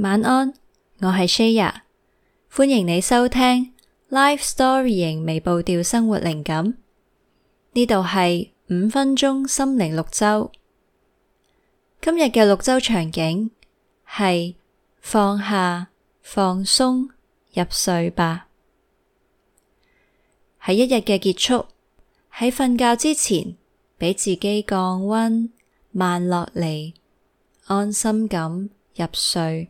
晚安，我係 Shaya，歡迎你收聽 Life Storying 微步調生活靈感。呢度係五分鐘心靈綠洲。今日嘅綠洲場景係放下，放鬆，入睡吧，喺一日嘅結束，喺瞓覺之前，俾自己降温慢落嚟，安心咁入睡。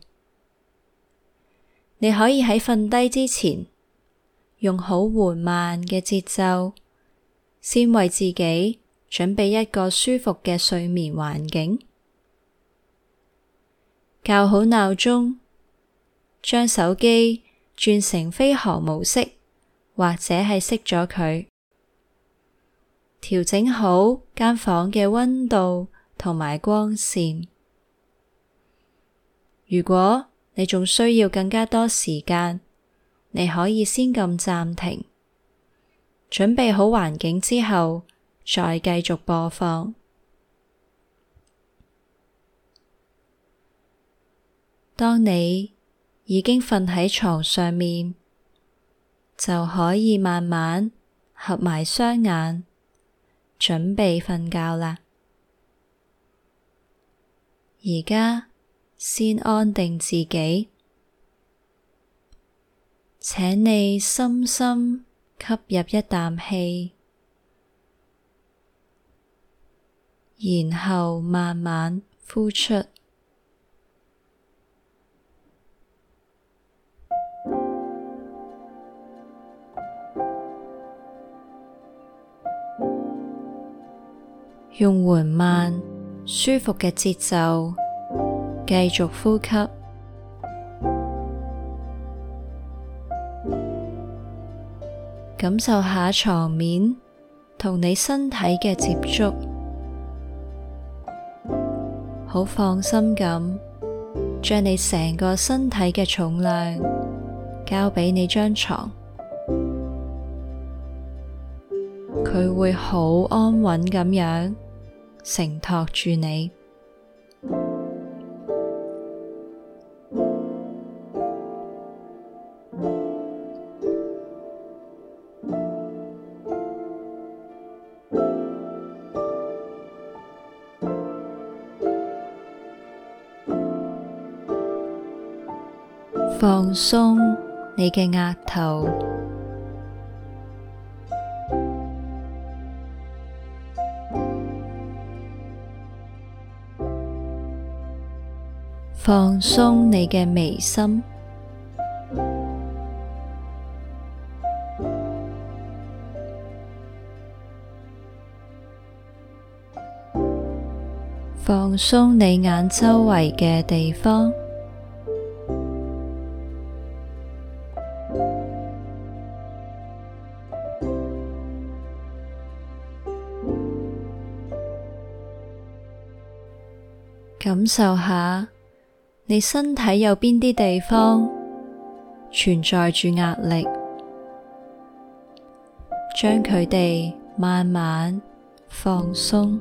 你可以喺瞓低之前，用好緩慢嘅節奏，先為自己準備一個舒服嘅睡眠環境，校好鬧鐘，將手機轉成飛行模式，或者係熄咗佢，調整好間房嘅溫度同埋光線。如果你仲需要更加多時間，你可以先撳暫停，準備好環境之後再繼續播放。當你已經瞓喺床上面，就可以慢慢合埋雙眼，準備瞓覺啦。而家。先安定自己，請你深深吸入一啖氣，然後慢慢呼出，用緩慢舒服嘅節奏。繼續呼吸，感受下床面同你身體嘅接觸，好放心咁，將你成個身體嘅重量交畀你張床，佢會好安穩咁樣承托住你。放鬆你嘅額頭，放鬆你嘅眉心，放鬆你眼周圍嘅地方。感受下你身體有邊啲地方存在住壓力，將佢哋慢慢放鬆。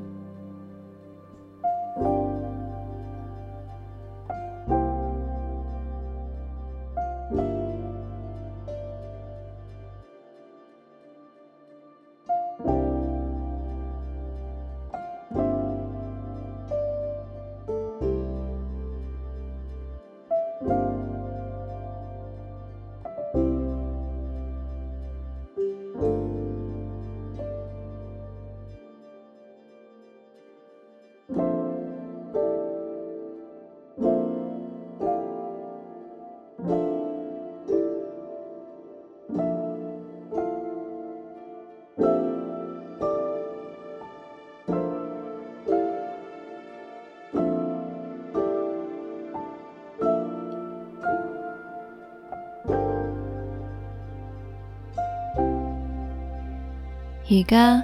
而家，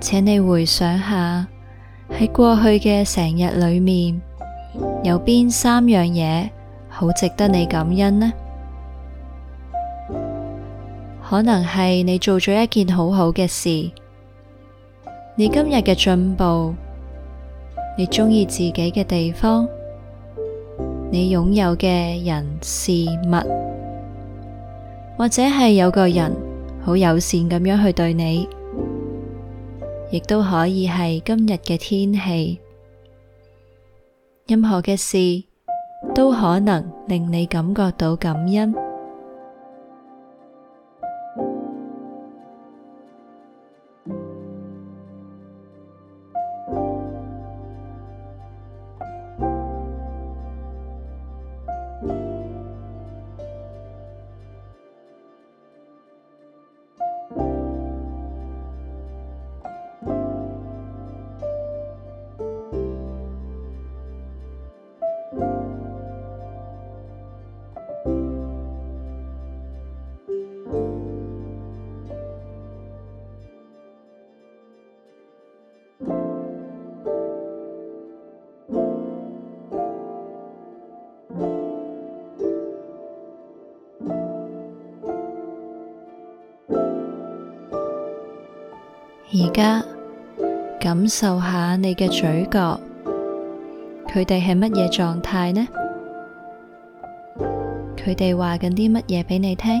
請你回想下喺過去嘅成日裏面，有邊三樣嘢好值得你感恩呢？可能係你做咗一件好好嘅事，你今日嘅進步，你鍾意自己嘅地方，你擁有嘅人事物，或者係有個人好友善咁樣去對你。亦都可以係今日嘅天氣，任何嘅事都可能令你感覺到感恩。而家感受下你嘅嘴角，佢哋係乜嘢狀態呢？佢哋話緊啲乜嘢俾你聽？